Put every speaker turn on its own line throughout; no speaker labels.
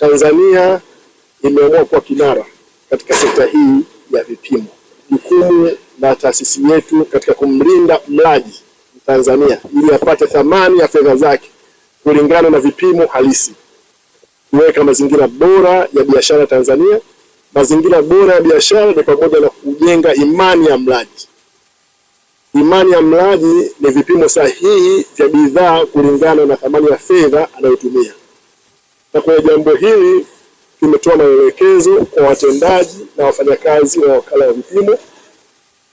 Tanzania imeamua kuwa kinara katika sekta hii ya vipimo. Jukumu la taasisi yetu katika kumlinda mlaji tanzania ili apate thamani ya fedha zake kulingana na vipimo halisi, kuweka mazingira bora ya biashara Tanzania. Mazingira bora ya biashara ni pamoja na kujenga imani ya mlaji. Imani ya mlaji ni vipimo sahihi vya bidhaa kulingana na thamani ya fedha anayotumia na kwenye jambo hili tumetoa maelekezo kwa watendaji na wafanyakazi wa wakala wa vipimo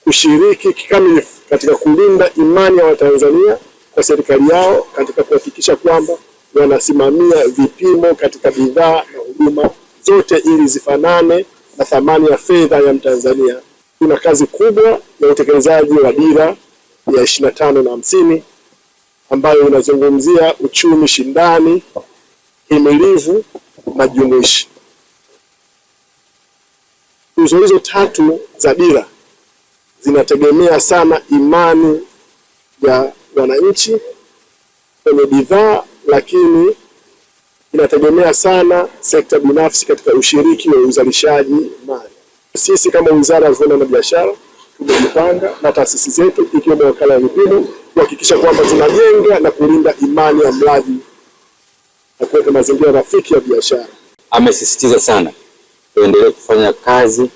kushiriki kikamilifu katika kulinda imani ya Watanzania kwa serikali yao katika kuhakikisha kwamba wanasimamia vipimo katika bidhaa na huduma zote ili zifanane na thamani ya fedha ya Mtanzania. Kuna kazi kubwa ya utekelezaji wa dira ya ishirini na tano na hamsini ambayo inazungumzia uchumi shindani himilivu na jumuishi. Nguzo hizo tatu za dira zinategemea sana imani ya wananchi kwenye bidhaa, lakini inategemea sana sekta binafsi katika ushiriki wa uzalishaji mali. Sisi kama Wizara ya Viwanda na Biashara tumejipanga na taasisi zetu ikiwemo Wakala wa Mifugo kuhakikisha kwamba tunajenga na kulinda imani ya mlaji na kuweka mazingira rafiki ya biashara.
Amesisitiza sana tuendelee kufanya kazi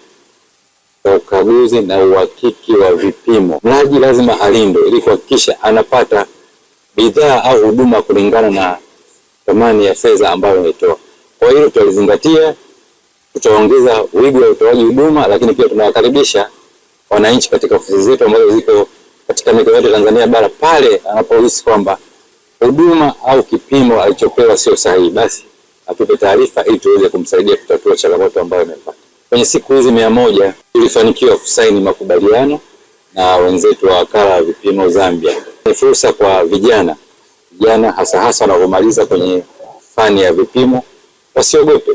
za ukaguzi na uhakiki wa vipimo. Mlaji lazima alindwe ili kuhakikisha anapata bidhaa au huduma kulingana na thamani ya fedha ambayo ametoa. Kwa hiyo tutalizingatia, tutaongeza wigo wa utoaji huduma, lakini pia tunawakaribisha wananchi katika ofisi zetu ambazo ziko katika mikoa yote Tanzania bara pale anapohisi kwamba huduma au kipimo alichopewa sio sahihi, basi atupe taarifa ili tuweze kumsaidia kutatua changamoto ambayo imepata. Kwenye siku hizi mia moja tulifanikiwa kusaini makubaliano na wenzetu wa wakala wa vipimo Zambia. Ni fursa kwa vijana vijana, hasa hasa wanavyomaliza kwenye fani ya vipimo, wasiogope,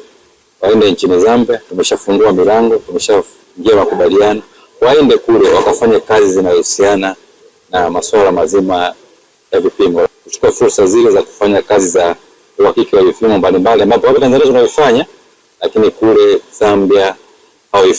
waende nchini Zambia. Tumeshafungua milango, tumeshaingia makubaliano, waende kule wakafanye kazi zinazohusiana na masuala mazima ya vipimo kuchukua fursa zile za kufanya kazi za uhakiki wa filamu mbalimbali ambapo hapa Tanzania tunaifanya, lakini kule Zambia hawaifanya.